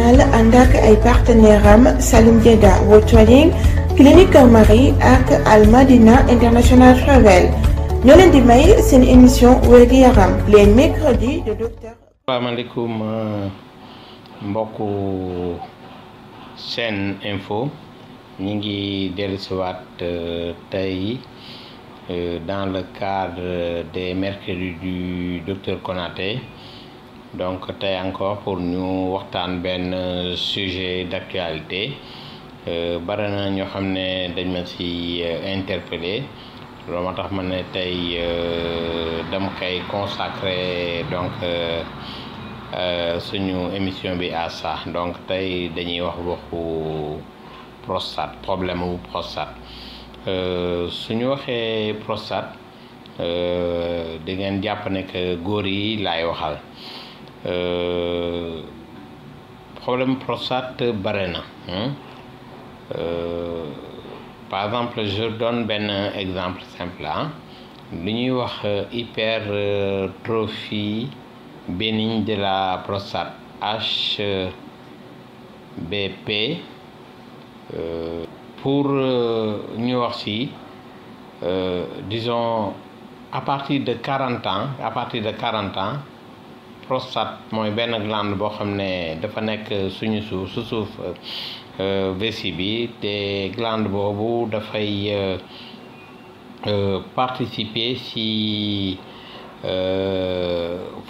internationale ànd ak ay partenaire Salim Dieda World Clinique Marie ak Al Madina International Travel ñoo leen di may seen émission wérgu yaram les mercredis de docteur. asalaamaaleykum euh, mbokku seen info ñu ngi dellusiwaat euh, tey euh, dans le cadre des mercredis du docteur Konaté. donc tey encore pour ñu waxtaan benn euh, sujet d'actualité euh, bare na ñoo xam ne dañ ma ci euh, interpellé loolu ma tax ma ne tey dam koy consacré donc suñu émission bi à ça donc tey dañuy wax waxu prostate problème bu prostate suñu waxee prostate di ngeen jàpp ne que góor yi lay waxal. problème prostate bare na hmm? par exemple je donne benn exemple simple ah ñuy wax euh, hypertrophie bénigne de la prostate HBP euh, pour ñuy wax ci euh, disons à partir de 40 ans à partir de 40 ans prostate mooy benn glande boo xam ne dafa nekk suñu suuf su suuf euh, vessie bi te glande boobu dafay euh, euh, participer ci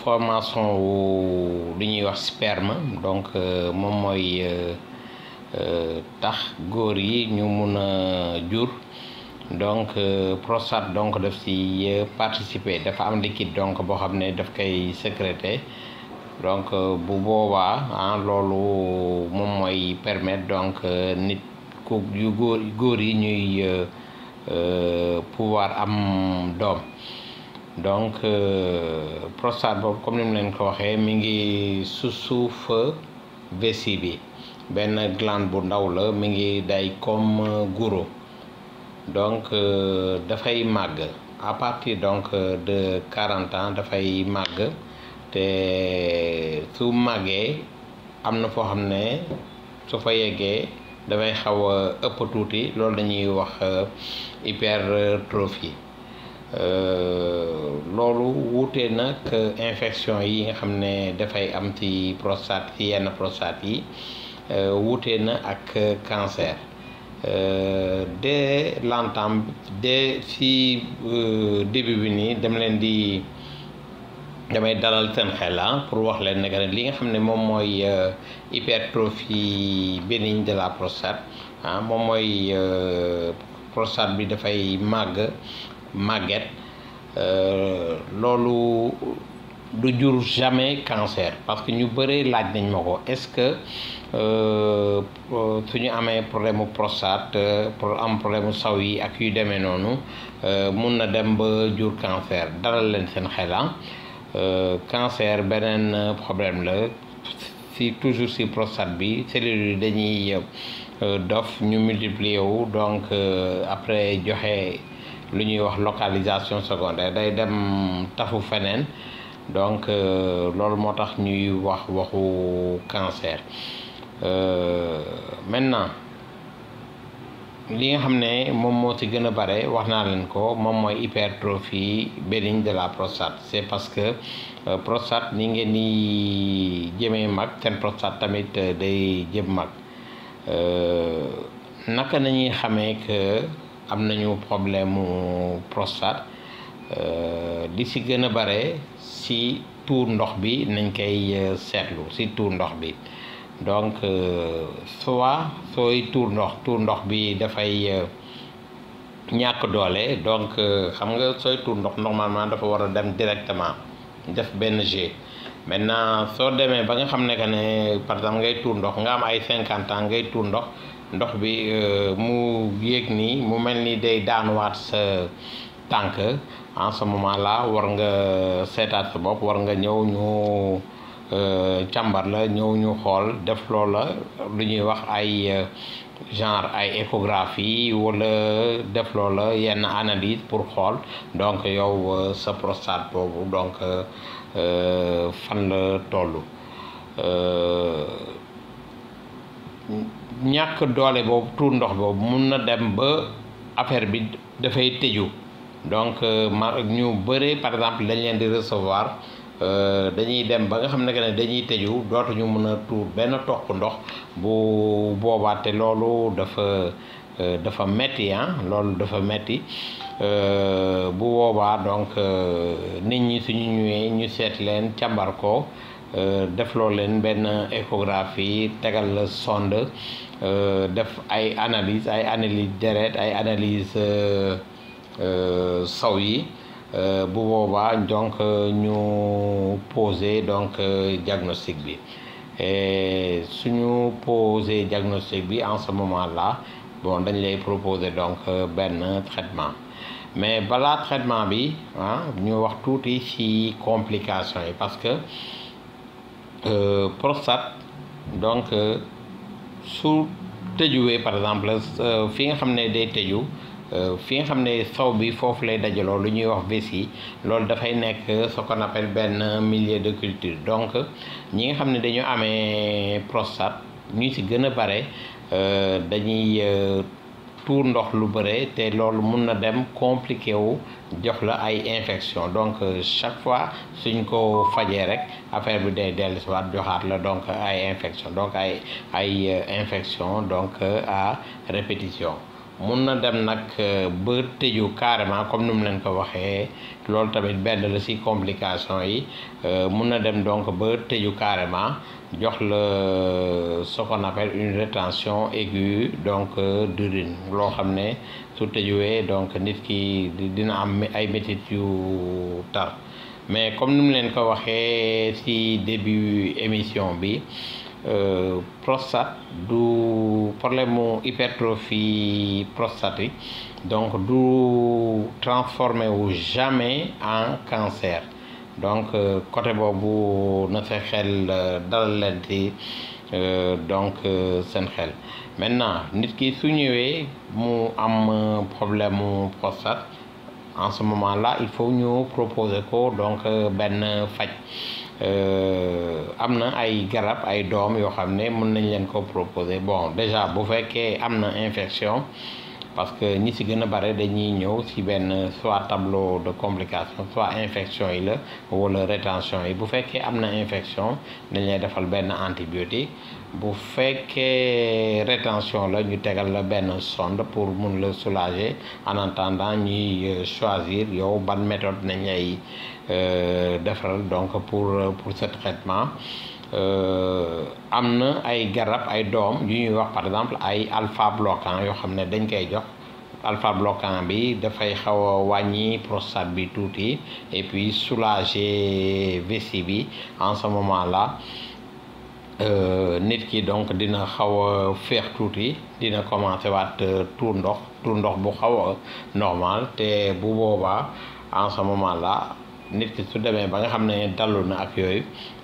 formation wu lu ñuy wax sperme donc moom mooy tax góor yi ñu mun a jur donc euh, prostate donc def si euh, participer dafa am liquide donc boo xam ne daf koy sécréter donc euh, bu boobaa ah loolu moom mooy permettre donc nit ku yu góor góor yi ñuy pouvoir am doom donc prostate boobu comme ni mu leen ko waxee mi ngi su suuf vessie bi benn glande bu ndaw la mi ngi day comme guro donc euh, dafay màgg à partir donc euh, de quarante ans dafay màgg te su màggee am na foo xam ne su fa yeggee dafay xaw a ëpp tuuti loolu dañuy wax euh, hypertrophie loolu wuute nag infection yi nga xam ne dafay am ci prostate ci yenn prostate yi wuute na ak cancer Euh, dès l'entame dès si euh, début bi nii dama leen di damay dalal seen xel ah, pour wax leen ne li nga xam ne moom mooy euh, hypertrophie bénigne de la prostate ah moom mooy euh, prostate bi dafay màgg màgget euh, loolu. du jur jamais cancer parce que ñu bëree laaj nañ ma ko est-ce que euh, euh, su ñu amee problème mu prostate euh, pour am problème mu saw yi ak yu demee noonu mun na dem ba jur cancer dalal leen seen xelan ah. cancer beneen problème la si toujours si prostate bi cellules yi dañuy dof ñu multiplier wu donc après joxe lu ñuy wax localisation secondaire day dem tafu feneen donc euh, loolu moo tax ñuy wax waxu cancer euh, maintenant li nga xam ne moom moo ci gën a bare wax naa leen ko moom mooy hypertrophie bénigne de la prostate c'est parce que euh, prostate ni ngeen ni jëmee mag seen prostate tamit day jëm mag naka nañuy xamee que am nañu problème mu prostate Euh, li si gën a bare si tour ndox bi nañ koy euh, seetlu si tour ndox bi donc euh, soit sooy tour ndox tuur ndox bi dafay ñàkk doole donc xam nga sooy tour ndox normalement dafa war a dem directement def benn jet maintenant soo demee ba nga xam ne que ne par exemple ngay tour ndox nga am ay cinquante ans ngay tour ndox ndox bi mu yéeg nii mu mel ni day daanuwaat sa tànk en ce moment là war nga seetaat sa bopp war nga ñëw ñu euh, càmbar la ñëw ñu xool def loola lu ñuy wax ay euh, genre ay échographie wala def loola yenn analyse pour xool donc yow euh, sa prostate boobu donc fan la tollu ñàkk doole boobu tuur ndox boobu mun na dem ba affaire bi dafay tëju donc euh, ma ñu bëri par exemple dañ leen di recevoir euh, dañuy dem ba nga xam ne que ne dañuy tëju dootuñu mën a tuur benn toq ndox bu boobaa te loolu dafa euh, dafa metti ah loolu dafa metti bu boobaa donc nit ñi suñu ñëwee ñu seet leen càmbar ko defloo leen benn échographie tegal la sonde def ay analyse ay analyse deret ay analyse Euh, sow yi euh, bu boobaa donc euh, ñu pose donc diagnostic bi et suñu poser diagnostic bi en ce moment là bon dañ lay proposer donc benn traitement mais balaa traitement bi ah ñu wax tuuti ci complications yi parce que euh, prostate donc su tëjuwee par exemple fi nga xam ne day tëju. Euh, fi nga xam ne sow bi foofu lay dajaloo lu ñuy wax vessie loolu dafay nekk ce qu'on benn millier de culture donc ñi nga xam ne dañu amee prostate ñu ci gën a bare euh, dañuy euh, tuur ndox lu bare te loolu mun na dem compliqué wu jox la ay infection donc chaque fois suñ ko fajee rek affaire bi day dellusiwaat joxaat la donc ay infection donc ay ay infection donc à répétition mun na dem nag euh, ba tëju carrément comme ni mu leen ko waxee loolu tamit benn la ci complication yi euh, mun na dem donc ba tëju carrément jox la euh, ce qu'on appelle une rétention aiguë donc d'urine loo xam ne su tëjuwee donc nit ki dina am ay metit yu tar mais comme ni mu leen ko waxee ci début émission bi. Euh, prostate du problème mu hypertrophie prostatique donc du transformé wu jamais en cancer donc euh, côté boobu na sa xel euh, dalal leen ci donc seen xel maintenant nit ki su ñëwee mu am problème mu prostate en ce moment la il faut ñu proposer ko donc benn faj. am na ay garab ay doom yoo xam ne mën nañ leen ko proposer bon déjà bu fekkee am na infection parce que ñi ci gën a bare dañuy ñëw ci benn soit tableau de complication soit infection yi la wala rétention yi bu fekkee am na infection dañ lay defal benn antibiotique bu fekkee rétention la ñu tegal la benn sonde pour mun la soulager en attendant ñuy euh, choisir yow ban méthode nañ lay euh, defaral donc pour euh, pour ce traitement am na ay garab ay doom yu ñuy wax par exemple ay alpha bloquant yoo xam ne dañ koy jox alpha bloquant bi dafay xaw a wàññi prostate bi tuuti et puis soulager vessie bi en ce moment là. Euh, nit ki donc dina xaw a feex tuuti dina commencé waat euh, tuur ndox tour ndox bu xaw a normal te bu boobaa en ce moment nit ki su demee ba nga xam ne dallu na ak yooyu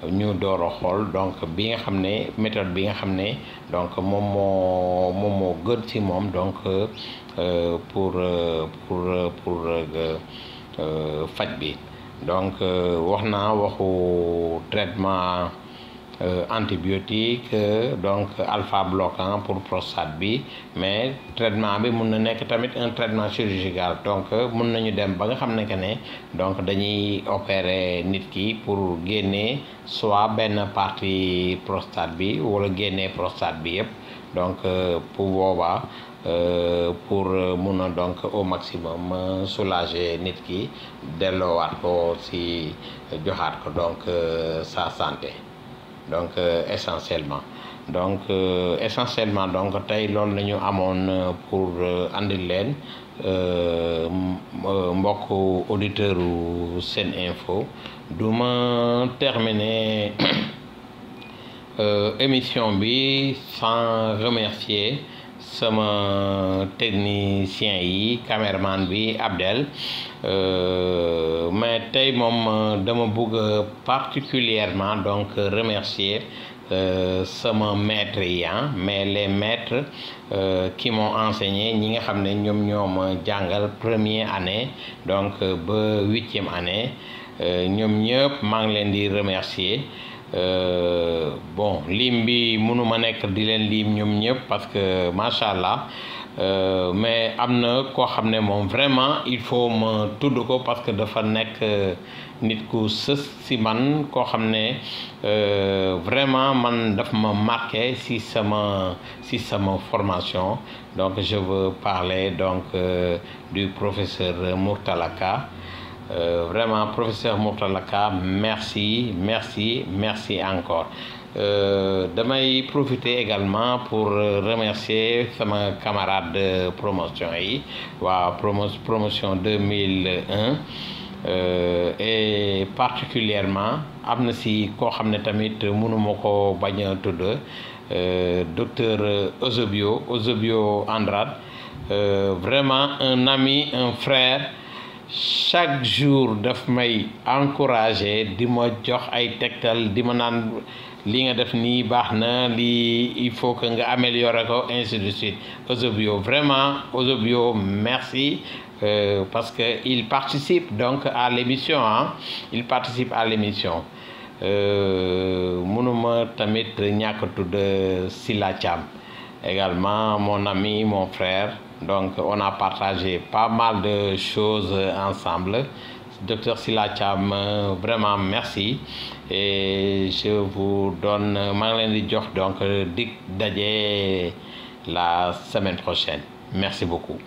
ñu door a xool donc bi nga xam ne méthode bi nga xam ne donc moom moo moom moo gën ci moom donc euh, pour pour pour faj bi donc wax naa waxu traitement. Euh, antibiotique euh, donc alpha bloquant pour prostate bi mais traitement bi mun na nekk tamit un traitement chirurgical donc euh, mun nañu dem ba nga xam ne ne donc dañuy opérer nit ki pour génnee soit benn partie prostate bi wala génnee prostate bi yëpp donc pour boobaa pour mun a donc au maximum soulager nit ki delloowaat ko si joxaat ko donc sa santé. donc euh, essentiellement donc euh, essentiellement donc tey loolu la ñu amoon euh, pour andil leen mbokk auditeur u seen info du ma terminer émission bi sans remercier sama technicien yi caméraman bi abdelle euh, mais tey moom dama bugg particulièrement donc remercier euh, sama maître yi ah, mais les maîtres euh, qui moo enseigné ñi nga xam ne ñoom ñoo ma jàngal première année donc ba huitième année ñoom ñëpp maa ngi leen di remercier Euh, bon lim bi mënuma nekk di leen liim ñoom ñëpp parce que macha allah euh, mais am na koo xam ne moom vraiment il faut ma tudd ko parce que dafa nekk euh, nit ku sës si man koo xam ne vraiment man daf ma marqué si sama si sama formation donc je veux parler donc du professeur Mourtala Ka Euh, vraiment, professeur Mourtalaka, merci, merci, merci encore. Euh, damay profiter également pour euh, remercier sama camarade de euh, promotion yi waa promo promotion 2001 euh, et particulièrement am na si koo xam ne tamit mënuma ko bañ a tudd euh, docteur euh, Eusebio Eusebio Andrade vraiment un ami un frère chaque jour daf may encourager di ma jox ay tegtal di ma naan li nga def nii baax na li il faut que nga améliorer ko ainsi de suite Eusebio vraiment Eusebio merci euh, parce que il participe donc à l'émission ah il participe à l'émission euh, mënuma tamit ñàkk a tudd Sila Thiam également mon ami mon frère Donc, on a partagé pas mal de choses ensemble. Docteur Silacham, vraiment merci. Et je vous donne Marlène Dior, donc, daje Dajé, la semaine prochaine. Merci beaucoup.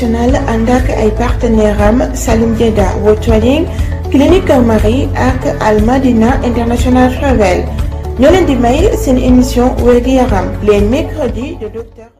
national ànd ak ay partenaire am Salim Dieda World Trading Clinique Marie ak Al Madina International Travel ñoo leen di may seen émission wér de docteur